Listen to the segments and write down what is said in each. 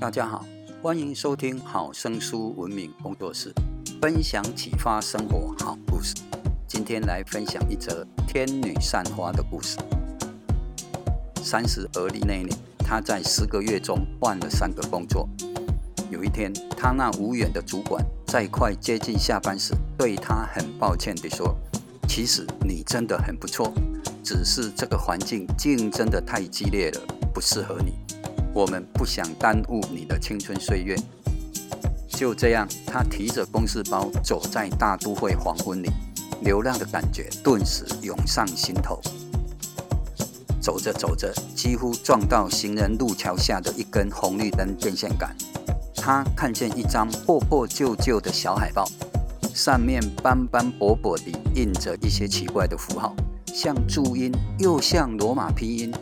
大家好，歡迎收聽好聲書，文明工作室，分享啟發生活好故事。今天來分享一則天女散花的故事。三十而立那一年，她在十個月中換了三個工作。有一天，她那無緣的主管在快接近下班時，對她很抱歉地說：“其實你真的很不錯，只是這個環境競爭得太激烈了，不適合你。”我們不想耽誤你的青春歲月。就這樣，他提着公事包走在大都會黃昏裡，流浪的感覺頓時湧上心頭。走着走着，幾乎撞到行人路橋下的一根紅綠燈電線桿。他看見一張破破舊舊的小海報，上面斑斑駁駁地印着一些奇怪的符號，像注音又像羅馬拼音。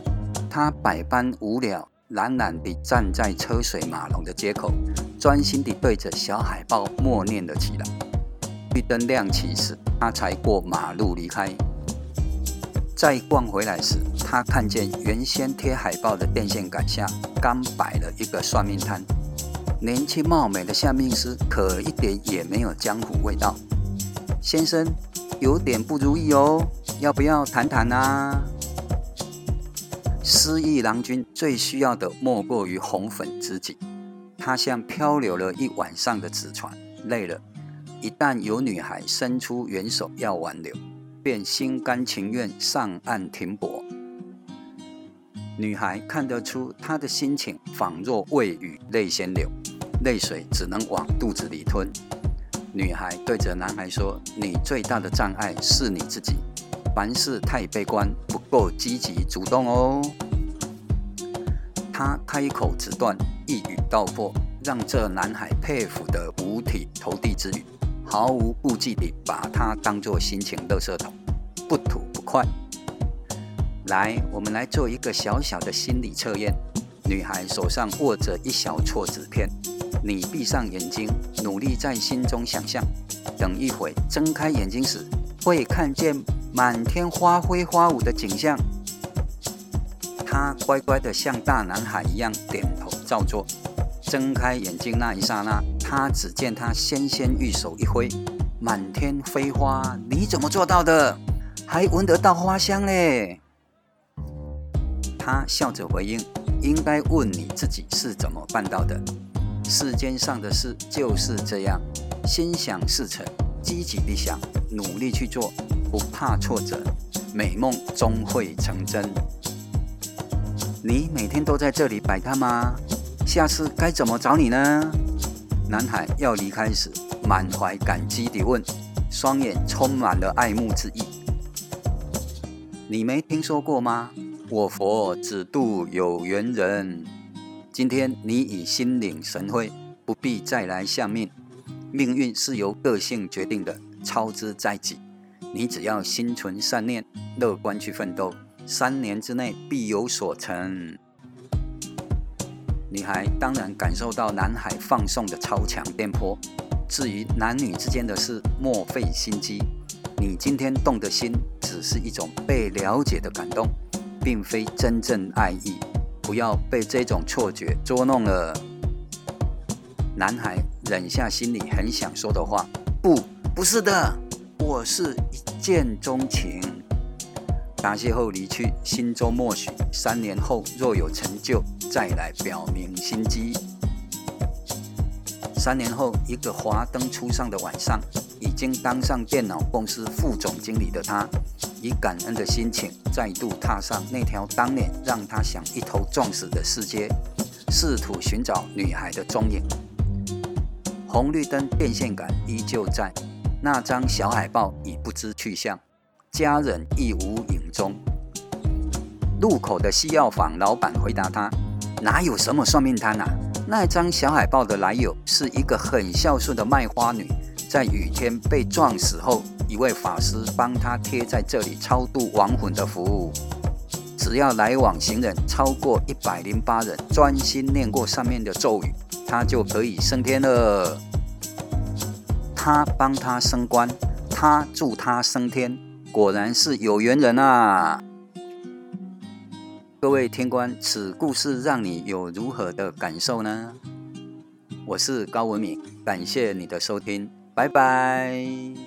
他百般無聊，懶懶地站在車水馬龍的街口，專心地對着小海報默念了起來。綠燈亮起時，他才過馬路離開。再逛回來時，他看見原先貼海報的電線桿下剛擺了一個算命攤。年輕貌美的算命師可一點也沒有江湖味道。先生，有點不如意哦，要不要談談啊？失意郎君最需要的莫過於紅粉知己，他像漂流了一晚上的紙船，累了。一旦有女孩伸出援手要挽留，便心甘情願上岸停泊。女孩看得出他的心情，仿若未雨淚先流，淚水只能往肚子裡吞。女孩對着男孩說：“你最大的障礙是你自己。”凡事太悲觀，不夠積極主動哦。他開口直斷，一語道破，讓這男孩佩服得五體投地之旅，毫無顧忌地把他當作心情的垃圾桶，不吐不快。來，我們來做一個小小的心理測驗。女孩手上握着一小撮紙片，你閉上眼睛，努力在心中想象。等一會睜開眼睛時，會看見。滿天花飛花舞的景象，他乖乖的像大男孩一樣點頭照做。睜開眼睛那一剎那，他只見他纖纖玉手一揮，滿天飛花。你怎麼做到的？還聞得到花香嘞？他笑着回應：“應該問你自己是怎麼辦到的。世間上的事就是這樣，心想事成。”積極地想，努力去做，不怕挫折，美夢終會成真。你每天都在這裡擺攤嗎？下次該怎麼找你呢？男孩要離開時，滿懷感激地問，雙眼充滿了愛慕之意。你沒聽說過嗎？我佛只渡有緣人。今天你已心領神會，不必再來相命。命運是由個性決定的，操之在己。你只要心存善念，樂觀去奮鬥，三年之內必有所成。女孩當然感受到男孩放送的超強電波。至於男女之間的事，莫費心機。你今天動的心，只是一種被了解的感動，並非真正愛意。不要被這種錯覺捉弄了，男孩。忍下心裡很想說的話，不，不是的，我是一見鍾情。答謝後離去，心中默許：三年後若有成就，再來表明心機。三年後，一個華燈初上的晚上，已經當上電腦公司副總經理的他，以感恩的心情再度踏上那條當年讓他想一頭撞死的市街，試圖尋找女孩的蹤影。紅綠燈電線桿依舊在，那張小海報已不知去向，家人亦無影蹤。路口的西藥房老闆回答他：“哪有什麼算命攤啊？那張小海報的來由是一個很孝順的賣花女，在雨天被撞死後，一位法師幫她貼在這裡超度亡魂的服務。只要來往行人超過一百零八人，專心念過上面的咒語。”他就可以升天了。他幫他升官，他助他升天，果然是有緣人啊！各位天官，此故事讓你有如何的感受呢？我是高文敏，感謝你的收聽，拜拜。